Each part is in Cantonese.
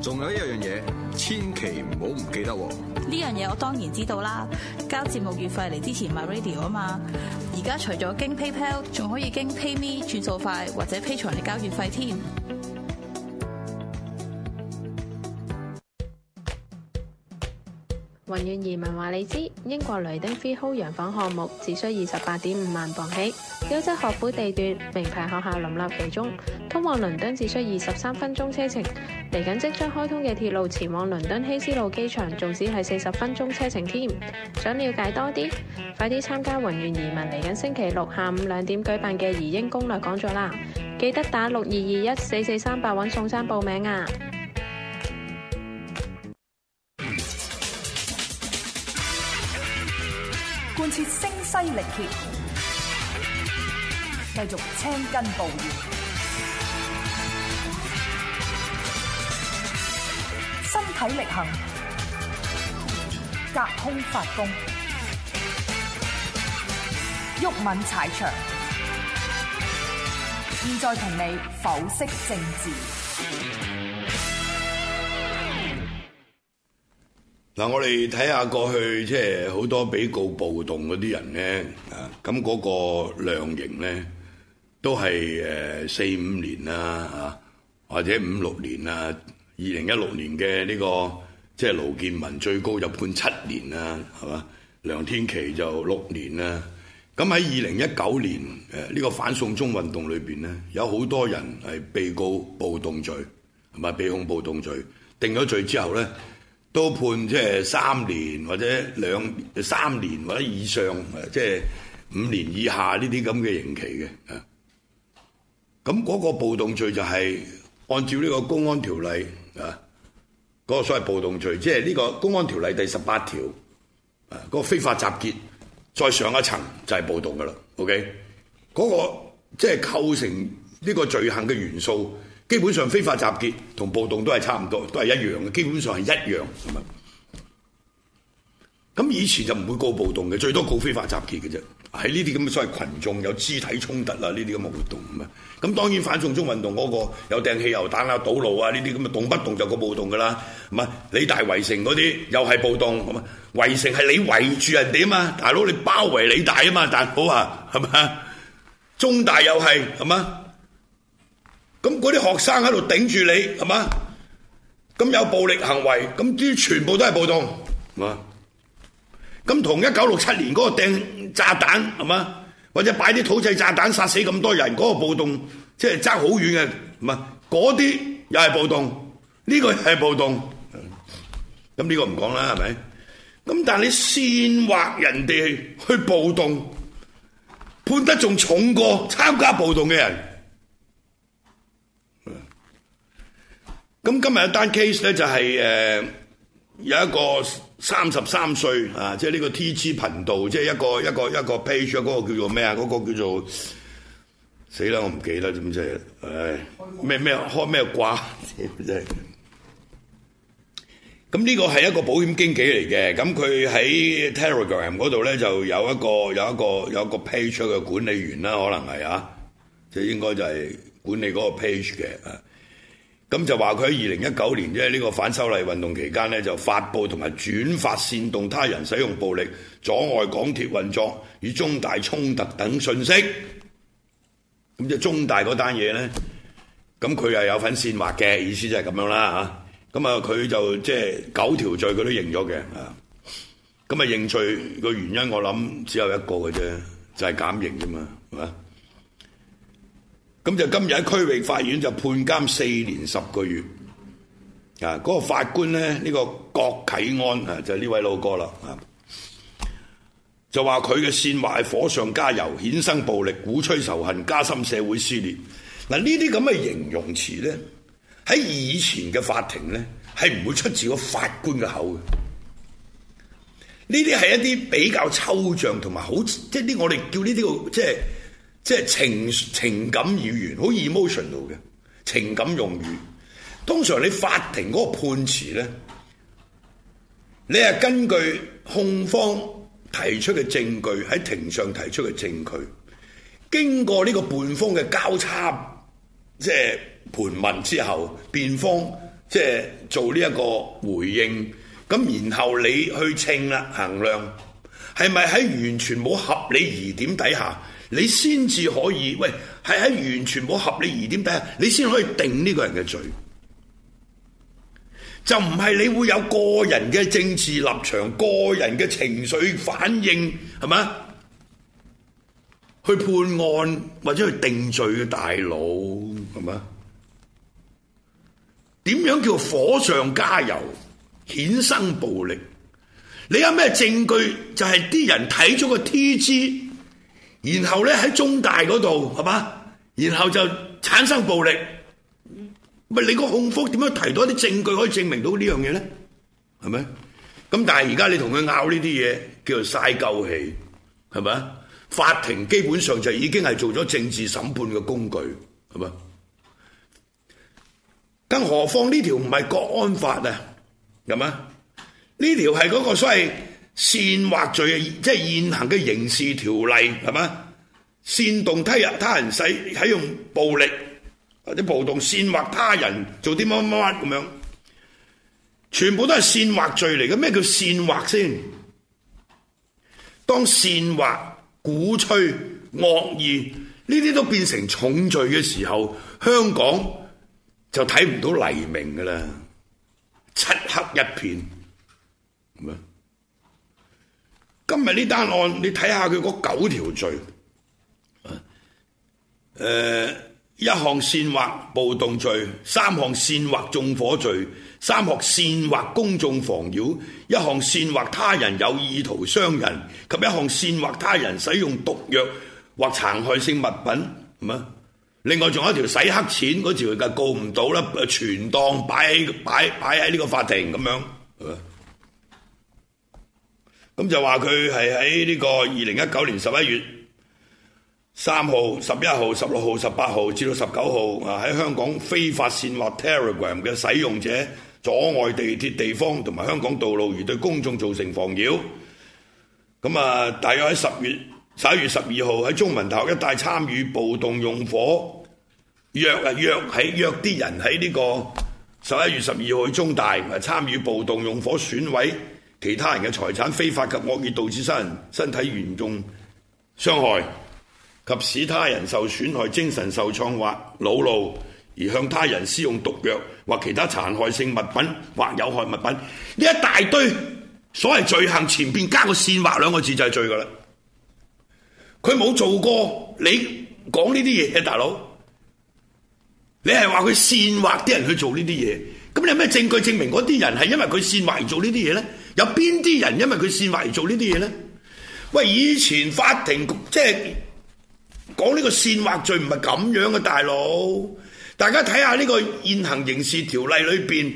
仲有一樣嘢，千祈唔好唔記得喎。呢樣嘢我當然知道啦，交節目月費嚟之前，MyRadio 啊嘛。而家除咗經 PayPal，仲可以經 PayMe 轉數快，或者 Patreon 嚟交月費添。 雲燕移民話你知，英國雷丁 t h o 洋房項目只需二十八點五萬鎊起，優質學府地段，名牌學校林立其中，通往倫敦只需二十三分鐘車程。嚟緊即將開通嘅鐵路，前往倫敦希斯路機場，仲只係四十分鐘車程添。想了解多啲，快啲參加宏願移民嚟緊星期六下午兩點舉辦嘅移英攻略講座啦！記得打六二二一四四三八揾宋生報名啊！貫徹聲嘶力竭，繼續青筋暴裂。體力行，隔空發功，毓民踩場。現在同你剖析政治。嗱，我哋睇下過去即係好多俾告暴動嗰啲人咧，啊，咁嗰個量刑咧都係誒四五年啊，或者五六年啊。二零一六年嘅呢、這個即係、就是、盧建文最高就判七年啦，係嘛？梁天琦就六年啦。咁喺二零一九年誒呢、這個反送中運動裏邊呢，有好多人係被告暴動罪係咪？被控暴動罪，定咗罪之後呢，都判即係三年或者兩三年或者以上，即係五年以下呢啲咁嘅刑期嘅。咁嗰個暴動罪就係、是。按照呢個公安條例啊，嗰個所謂暴動罪，即係呢個公安條例第十八條啊，嗰個非法集結再上一層就係暴動㗎喇。OK，嗰個即係構成呢個罪行嘅元素，基本上非法集結同暴動都係差唔多，都係一樣嘅，基本上係一樣咁。咁以前就唔會告暴動嘅，最多告非法集結嘅啫。喺呢啲咁嘅所謂群眾有肢體衝突啊，呢啲咁嘅活動咁啊，咁當然反送中運動嗰、嗰個有掟汽油彈啊、堵路啊呢啲咁嘅動不動就個暴動噶、啊、啦，係咪？理大圍城嗰啲又係暴動咁啊，圍城係你圍住人哋啊嘛，大佬你包圍理大啊嘛，大佬啊，係咪？中大又係係嗎？咁嗰啲學生喺度頂住你係嗎？咁有暴力行為，咁啲全部都係暴動，係咪？咁同一九六七年嗰個掟。炸彈係嘛，或者擺啲土製炸彈殺死咁多人，嗰、那個暴動即係爭好遠嘅，唔係嗰啲又係暴動，呢、這個係暴動，咁、嗯、呢、這個唔講啦，係咪？咁但係你煽惑人哋去暴動，判得仲重過參加暴動嘅人。咁、嗯嗯、今日一單 case 咧就係、是、誒、呃、有一個。三十三歲啊！即係呢個 TG 頻道，即係一個一個一個 page 嗰個叫做咩啊？嗰、嗰個叫做死啦！我唔記得點啫，唉，咩、哎、咩開咩掛？咁呢個係一個保險經紀嚟嘅。咁佢喺 Telegram 嗰度呢，就有一個有一個有一個 page 嘅管理員啦，可能係啊，即係應該就係管理嗰個 page 嘅。咁就話佢喺二零一九年即係呢個反修例運動期間咧，就發布同埋轉發煽動他人使用暴力、阻礙港鐵運作與中大衝突等訊息。咁即係中大嗰單嘢咧，咁佢又有份煽惑嘅意思就就，就係咁樣啦嚇。咁啊，佢就即係九條罪佢都認咗嘅啊。咁啊，認罪個原因我諗只有一個嘅啫，就係、是、減刑之嘛，係嘛？咁就今日喺區域法院就判監四年十個月。啊，嗰個法官咧，呢個郭啟安啊，就係呢位老哥啦。就話佢嘅煽惑係火上加油，衍生暴力，鼓吹仇恨，加深社會撕裂。嗱，呢啲咁嘅形容詞咧，喺以前嘅法庭咧，係唔會出自個法官嘅口嘅。呢啲係一啲比較抽象同埋好，即係啲我哋叫呢啲叫即係。就是即係情情感語言，好 emotional 嘅情感用語。通常你法庭嗰個判詞咧，你係根據控方提出嘅證據，喺庭上提出嘅證據，經過呢個辯方嘅交叉即係、就是、盤問之後，辯方即係、就是、做呢一個回應。咁然後你去稱啦衡量，係咪喺完全冇合理疑點底下？你先至可以喂，係喺完全冇合理疑點底下，你先可以定呢個人嘅罪，就唔係你會有個人嘅政治立場、個人嘅情緒反應，係嘛？去判案或者去定罪嘅大佬，係嘛？點樣叫火上加油、衍生暴力？你有咩證據？就係、是、啲人睇咗個 TG。然後咧，喺中大嗰度係嘛，然後就產生暴力，咪你個控方點樣提到一啲證據可以證明到呢樣嘢咧？係咪？咁但係而家你同佢拗呢啲嘢，叫做嘥鳩氣，係咪啊？法庭基本上就已經係做咗政治審判嘅工具，係嘛？更何況呢條唔係國安法啊，係嘛？呢條係嗰個所謂。煽惑罪即係現行嘅刑事條例，係嘛？煽動他人、他人使使用暴力或者暴動、煽惑他人做啲乜乜乜咁樣，全部都係煽惑罪嚟嘅。咩叫煽惑先？當煽惑、鼓吹、妄議呢啲都變成重罪嘅時候，香港就睇唔到黎明㗎喇，漆黑一片，係嘛？今日呢單案，你睇下佢嗰九條罪，誒，一項煽惑暴動罪，三項煽惑縱火罪，三項煽惑公眾妨擾，一項煽惑他人有意圖傷人，及一項煽惑他人使用毒藥或殘害性物品，係嘛？另外仲有一條洗黑錢嗰條就告唔到啦，誒，存檔擺喺擺擺喺呢個法庭咁樣。咁就話佢係喺呢個二零一九年十一月三號、十一號、十六號、十八號至到十九號啊，喺香港非法煽惑 Telegram 嘅使用者阻礙地鐵地方同埋香港道路，而對公眾造成妨擾。咁啊，大概喺十月十一月十二號喺中文大學一帶參與暴動用火，約啊約喺約啲人喺呢個十一月十二號去中大，唔係參與暴動用火損毀。其他人嘅財產非法及惡意導致他人身體嚴重傷害及使他人受損害、精神受創或惱怒，而向他人施用毒藥或其他殘害性物品或有害物品，呢一大堆所謂罪行前面加個煽惑兩個字就係罪㗎喇。佢冇做過，你講呢啲嘢，大佬，你係話佢煽惑啲人去做呢啲嘢，咁你有咩證據證明嗰啲人係因為佢煽惑而做呢啲嘢咧？有邊啲人因為佢煽惑而做呢啲嘢呢？喂，以前法庭即係講呢個煽惑罪唔係咁樣嘅。啊、大佬，大家睇下呢個現行刑事條例裏邊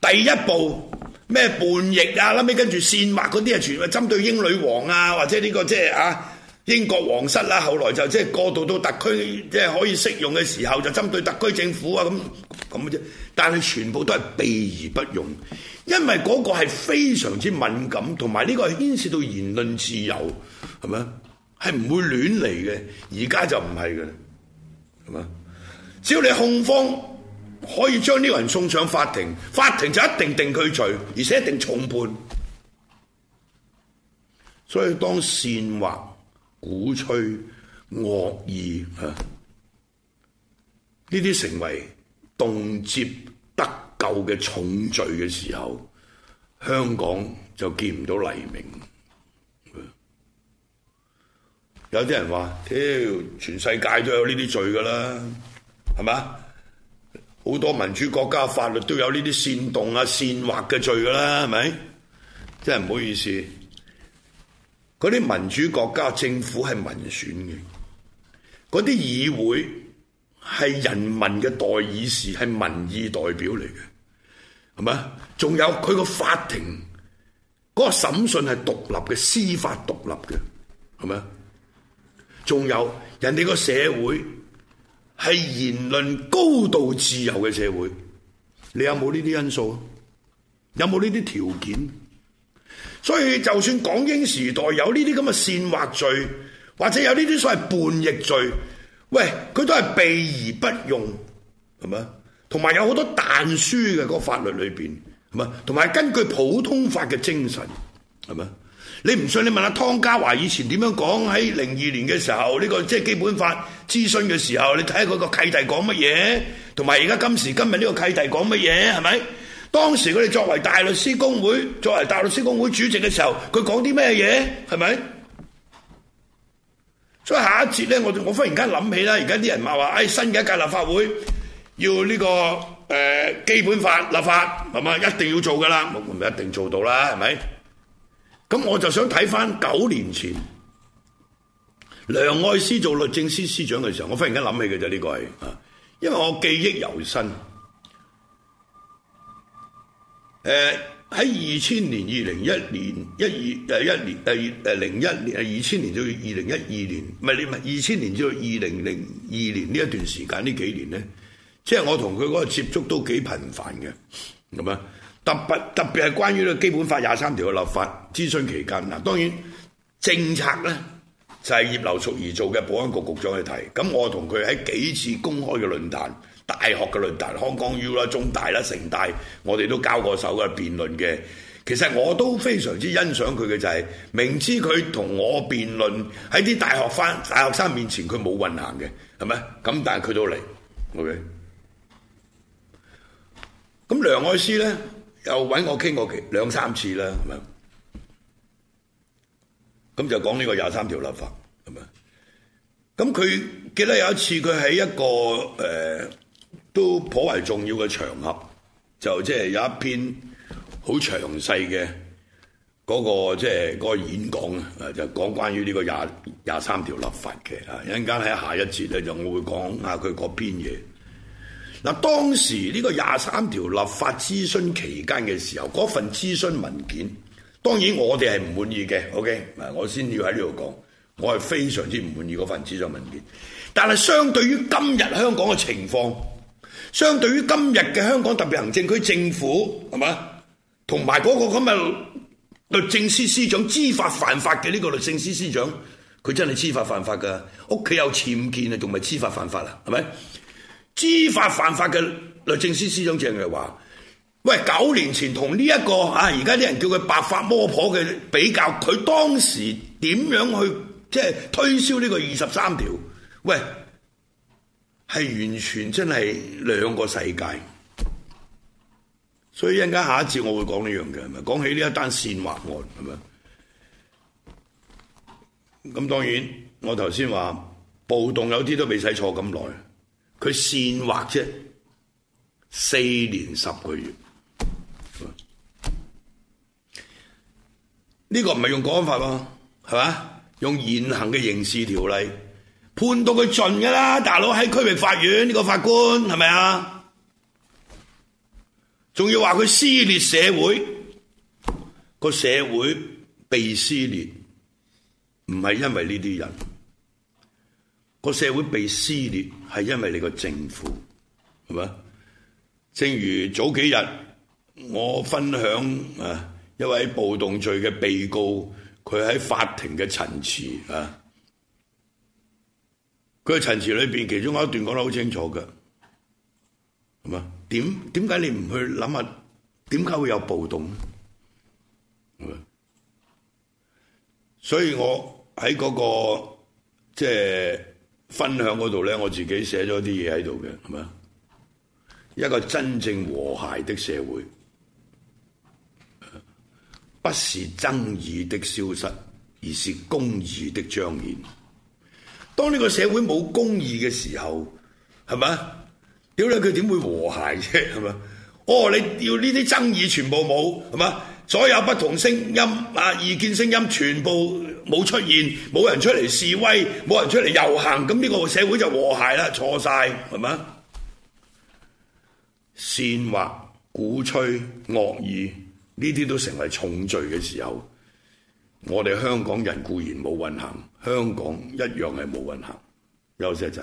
第一步咩叛逆啊，後尾跟住煽惑嗰啲啊，全部針對英女王啊，或者呢、這個即係啊英國皇室啦，啊，後來就即係過渡到特區即係可以適用嘅時候，就針對特區政府啊咁咁嘅啫，但係全部都係避而不用。因為嗰個係非常之敏感，同埋呢個係牽涉到言論自由，係咪啊？係唔會亂嚟嘅，而家就唔係嘅。係嘛？只要你控方可以將呢個人送上法庭，法庭就一定定佢罪，而且一定重判。所以當煽惑、鼓吹、妄議啊，呢啲成為動輒。舊嘅重罪嘅時候，香港就見唔到黎明。有啲人話，屌，欸，全世界都有呢啲罪噶啦，係咪？好多民主國家法律都有呢啲煽動啊、煽惑嘅罪噶啦，係咪？真係唔好意思，嗰啲民主國家政府係民選嘅，嗰啲議會係人民嘅代議士，係民意代表嚟嘅。咩？仲有佢個法庭嗰個審訊係獨立嘅司法獨立嘅，係咪啊？仲有人哋個社會係言論高度自由嘅社會，你有冇呢啲因素啊？有冇呢啲條件？所以就算港英時代有呢啲咁嘅煽惑罪，或者有呢啲所謂叛逆罪，喂，佢都係避而不用，係咪啊？同埋有好多但書嘅、嗰個法律裏邊，係嘛？同埋根據普通法嘅精神，係嘛？你唔信？你問下、啊、湯家驊以前點樣講喺零二年嘅時候呢、呢個即係基本法諮詢嘅時候，你睇下佢個契弟講乜嘢？同埋而家今時今日呢個契弟講乜嘢？係咪？當時佢哋作為大律師公會、作為大律師公會主席嘅時候，佢講啲咩嘢？係咪？所以下一節呢，我我忽然間諗起啦，而家啲人話話誒新嘅一屆立法會。要呢、這個誒、呃、基本法立法，係咪一定要做噶啦？唔一定做到啦，係咪？咁我就想睇翻九年前梁愛詩做律政司司長嘅時候，我忽然間諗起嘅啫，呢、這個係啊，因為我記憶猶新。誒、呃，喺二千年二零一年一二誒一年誒誒零一年誒二千年到二零一二年，唔係你唔係二千年至到二零零二年呢一段時間呢幾年咧？即係我同佢嗰個接觸都幾頻繁嘅，咁啊特別特別係關於咧基本法廿三條嘅立法諮詢期間嗱，當然政策咧就係葉劉淑儀做嘅保安局局長去提，咁我同佢喺幾次公開嘅論壇、大學嘅論壇、香港 U 啦、中大啦、城大，我哋都交過手嘅辯論嘅。其實我都非常之欣賞佢嘅就係明知佢同我辯論喺啲大學翻大學生面前佢冇運行嘅，係咪？咁但係佢都嚟，OK。咁梁愛詩咧又揾我傾過幾兩三次啦，咁就講呢個廿三條立法咁啊。咁佢記得有一次佢喺一個誒、呃、都頗為重要嘅場合，就即、是、係有一篇好詳細嘅嗰、那個即係嗰個演講啊，就是、講關於呢個廿廿三條立法嘅啊。一陣間喺下一節咧就我會講下佢嗰篇嘢。嗱，當時呢個廿三條立法諮詢期間嘅時候，嗰份諮詢文件當然我哋係唔滿意嘅，OK，啊，我先要喺呢度講，我係非常之唔滿意嗰份諮詢文件。但係相對於今日香港嘅情況，相對於今日嘅香港特別行政區政府，係嘛？同埋嗰個咁嘅律政司司長知法犯法嘅呢個律政司司長，佢真係知法犯法㗎，屋企有僭建啊，仲係知法犯法啊，係咪？知法犯法嘅律政司司長鄭係話：喂，九年前同呢一個啊，而家啲人叫佢白髮魔婆嘅比較，佢當時點樣去即係推銷呢個二十三條？喂，係完全真係兩個世界。所以一陣間下一節我會講呢樣嘅，咪講起呢一單煽惑案，係咪？咁當然，我頭先話暴動有啲都未使坐咁耐。佢煽惑啫，四年十個月，呢、這個唔係用國安法喎，係嘛？用現行嘅刑事條例判到佢盡噶啦，大佬喺區域法院呢、這個法官係咪啊？仲要話佢撕裂社會，個社會被撕裂，唔係因為呢啲人。個社會被撕裂，係因為你個政府，係咪？正如早幾日我分享啊，一位暴動罪嘅被告，佢喺法庭嘅陳詞啊，佢嘅陳詞裏邊其中有一段講得好清楚嘅，係咪？點點解你唔去諗下，點解會有暴動呢？係咪？所以我喺嗰個即係。分享嗰度咧，我自己寫咗啲嘢喺度嘅，係咪啊？一個真正和諧的社會，不是爭議的消失，而是公義的彰顯。當呢個社會冇公義嘅時候，係咪啊？屌你佢點會和諧啫？係咪？哦，你要呢啲爭議全部冇，係咪啊？所有不同聲音啊，意見聲音全部。冇出現，冇人出嚟示威，冇人出嚟遊行，咁呢個社會就和諧啦，錯晒，係咪？煽惑、鼓吹、妄議呢啲都成為重罪嘅時候，我哋香港人固然冇運行，香港一樣係冇運行。休息一陣。